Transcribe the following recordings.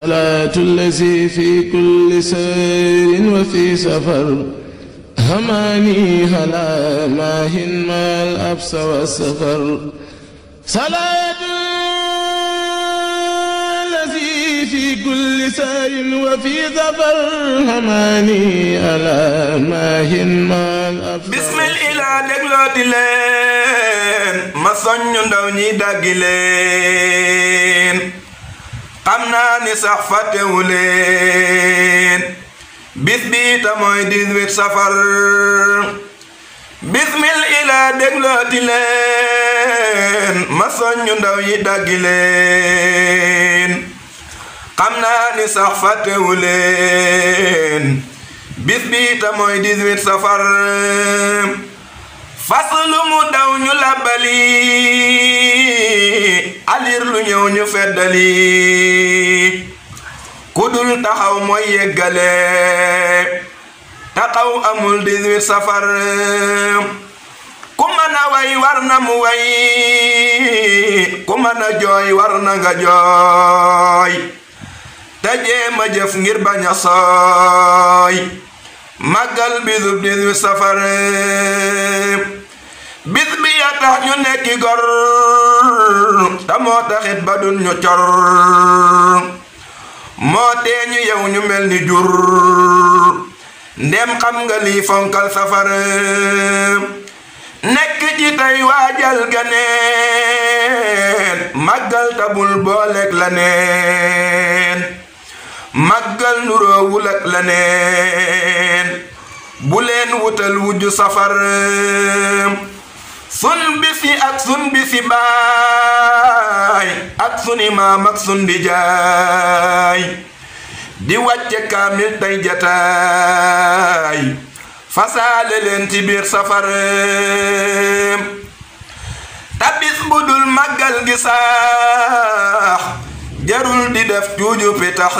salaatu lazi fi kulli sayrin wa fi safar hamaani halaa maahin maal absa wa safar salaatu lazi fi kulli sayrin wa fi safar hamaani halaa maahin maal absa bismil ilaa dégloo di leen ma soññu ndaw ñi dàggi leen xam naa ni sax fàttewu leen bis bi ta mooy dix-huit safar bismil ilaa déglooti leen ma soññu ndaw yi daggi leen xam naa ni sax fàttewu leen bis mooy dix-huit safar fas lu mu daw ñu labbali alir lu ñëw ñu feddali kudul taxaw mooy yeggale taxaw amul 18 safar ku mën a way war na mu way ku mën a jooy war na nga jooy te jéem jëf ngir bañ a sooy màggal bisub 18 safar tax yow ñu mel ni jur ndem xam nga lii fonkal safar nekk ci tey waajal ganeen màggal tabul booleeg la neen màggal nuroowul ak la neen bu leen wutal wujju safar sun bi si ak sun bi si baay ak suni maam ak sun di jaay kaamil tey jataay fasaale leen ci biir safareem tabis bu dul màggal gi jarul di def juuju pitax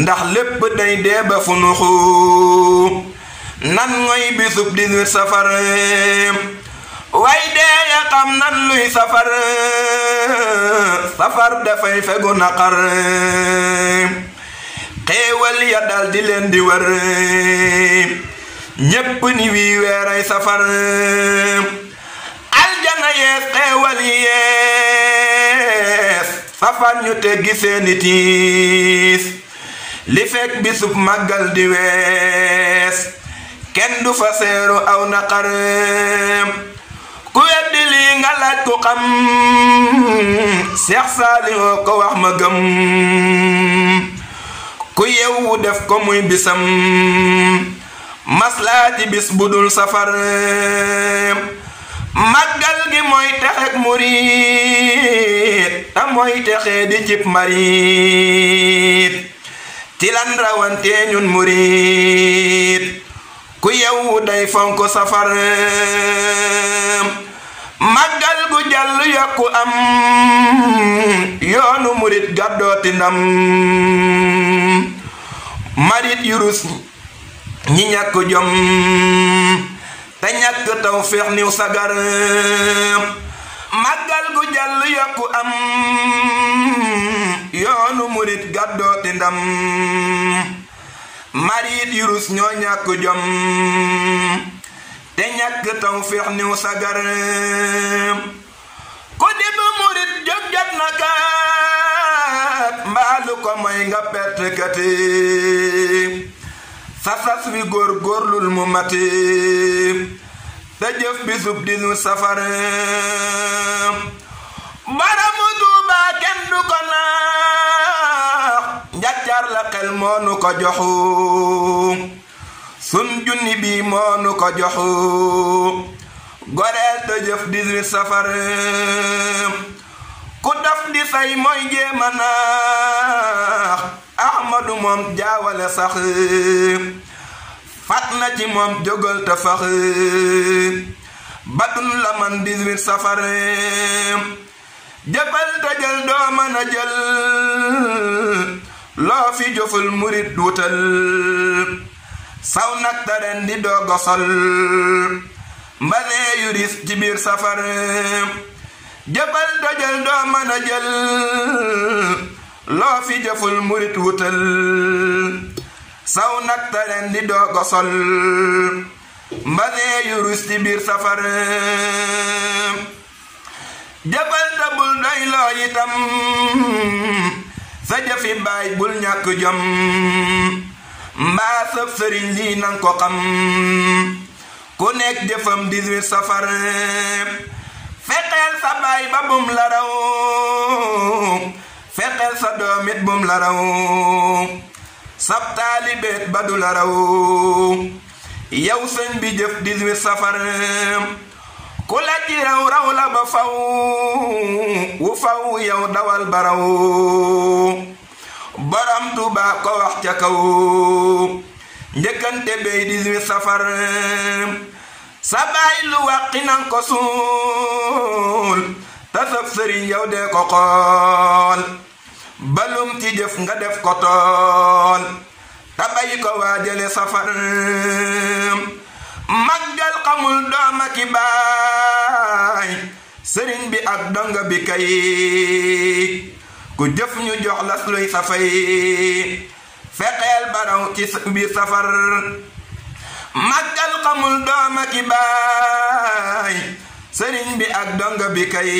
ndax lépp day dee funuxu nan mooy bisub 18 safar way deeya xam nan luy safar safar dafay fegu naqar xéewal ya dal di leen di wër ñépp ni wii weeray safar aljana yees xéewal yi yees safar ñu teggi seeni tiis li fekk bisub màggal di wees kenn du fa seeru aw naqar ku weddi lii nga laaj xam Seex Saalihoo ko wax ma gëm ku yewwu def ko muy bisam maslaaji bis bu dul safar màggal gi mooy texek murit te mooy di cib marit ci lan rawantee ñun murit ku yewu day fonk safar màggal gu jàll yokku am yoonu murit gàddooti marit yurus ñi ñàkk jom te ñàkk taw feex niw sagar gu jàll yokku am yoonu murit gàddooti marit yurus ñoo ñàkk jom te ñàkk tawféex niw sagar ku dib murit jóg jot na kat mbaalu ko mooy nga perte kati sasas wi góor góorlul mu mati te jëf bisub dinu safar baramu Tuuba kenn ko naa yaakaar la bi moonu ko joxu goreel te jëf ku daf di say mooy jéema naax ahmadu moom jaawale sax fat na ci moom jógal te fax badun la man 18 safar jëfal te jël jël loo fi murit wutal saw nag taren di doog a sol mbanee yu ci biir safar jëfal dajal doo mën a jël murit wutal saw nag taren di doog a sol mbanee yu biir safar jëfal dabul doy loo la jëfi baay bul ñàkk jom mbaa sëf sëriñ lii nan ko xam ku nekk jëfam 18 safar fexeel sa baay ba bum la raw fexeel sa doomit bum la raw sab taalibeet ba du la yow sëñ bi jëf 18 safar ku la ci raw raw la ba faw wu faw yow dawal baraw borom Tuuba ko wax ca kaw njëkkante bey 18 safar sa baay lu wàqi nan ko suul tasab sëriñ yow dee ko xool balum ci jëf nga def ko tool tabayi ko waajale safar màggal xamul doom ak i baay sëriñ bi ak dong bi kay ku jëf ñu jox la luy safay fexeel baraw ci biir safar màggal xamul doom ak i baay sëriñ bi ak dong bi kay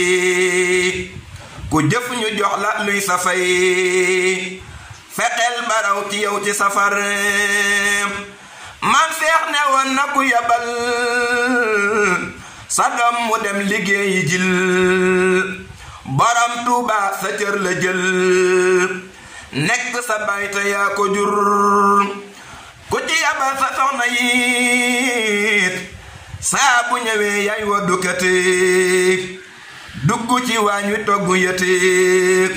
ku jëf ñu jox la luy safay fexeel baraw ci yow ci safar maam seex ne woon na ku yabal sa doom mu dem liggéeyi jil borom tuuba sa cër la jël nekk sa bayta yaa ko jur ku ci yabal sa soxna yit saa bu ñëwee yaay wa dukkateek dugg ci waañ togg yëteek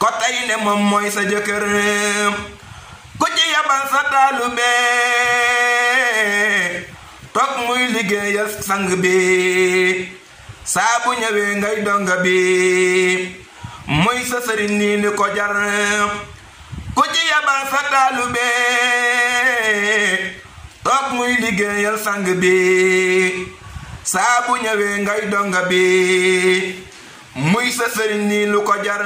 ko tey ne moom mooy sa jëkkër ku ci yabal sa taalu bee toog muy liggéeyal sang bi saa bu ngay donga bi muy sa sëriñ nii li ko jar ku ci yabal taalu be toog muy liggéeyal sang bi saa bu ngay donga bi muy sa sëriñ nii lu ko jar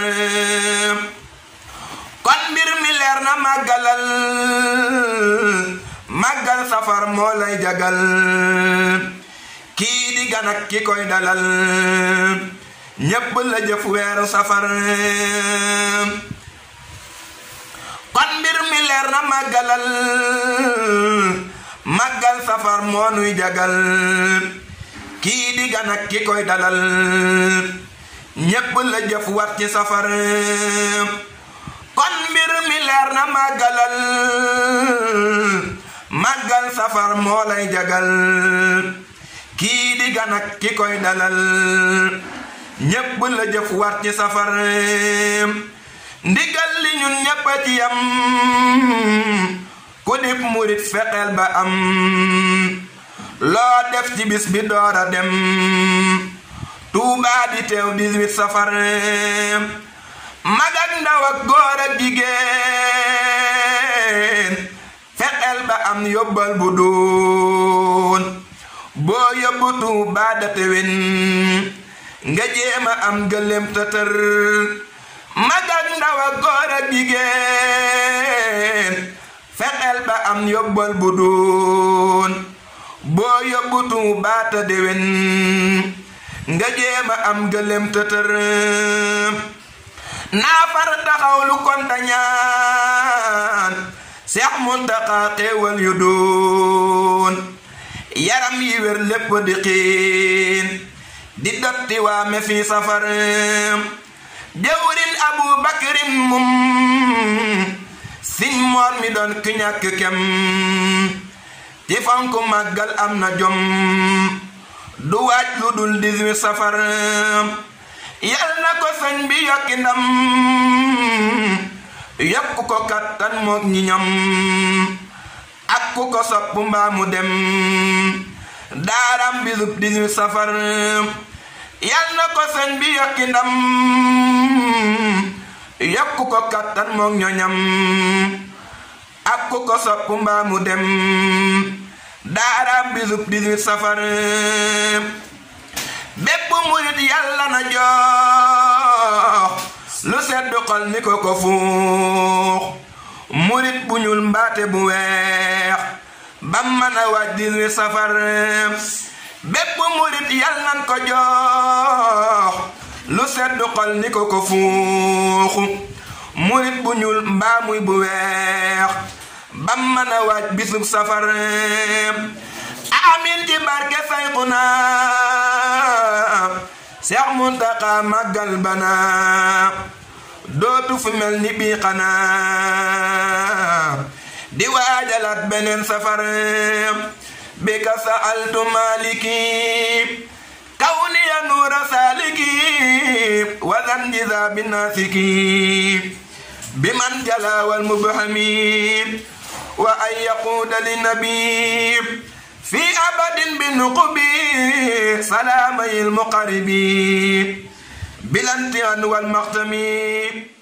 kon mbir mi leer na màggalal maggal safar moo lay jagal kii di gan ak ki koy dalal ñépp la jëf weeru safar kon mbir mi leer na màggalal màggal safar moo nuy jagal kii di gan ki koy dalal ñépp la jëf wat ci safar kon mbir mi leer na màggalal màggal safar moo lay jagal kii di gan ki koy dalal ñépp la jëf war ci safar ndigal li ñun ñépp a ci yam ku dib murit fexeel ba am loo def ci bis bi door dem tuubaa di teew 18 safar mag ak ndaw jigéen nga am yóbbal bu doon boo yóbbu Tuubaa da tewen nga am gëléem tëtër mag ak ndaw ba am yóbbal bu doon boo yóbbu Tuubaa ta dewen nga am gëléem naa far taxaw konta ñaan seex muntaxa xéewal yu doon yaram yi wér lépp di xiin di dotti waa fi safar jawrin abu mum siñ moor mi doon ki ñàkk kem ci fonku màggal am na jom du waaj lu dul 18 safar yal na ko sëñ bi yokki yokk ko kattan moog ñi ñam ak ko sopp mbaa dem daaram bisub dix safar yal na ko sëñ bi yokki ndam yokk ko kattan moog ñoñam ak ko sopp mbaa mu dem daaram bisub dix safar bépp murit yàlla na joor lu sedd xol ni ko ko fuux murit bu ñuul mbaate bu weex ba mën a waaj dix-huit safar bépp murit yal nan ko jox lu sedd xol ni ko ko fuux murit bu ñuul mbaa muy bu weex ba mën a waaj bisub safar amin ci barke sayxuna seex muntaxa màggal banaa dootu fu mel ni bii xanaa di waajalat beneen safar bi ka sa maliki kaw ya nuura saaliki wasan jiza bi naasiki bi man jalaawal mubhami wa ay yaquuda li nabi في أبد بالنقب سلامي المقرب بالانتهان والمختم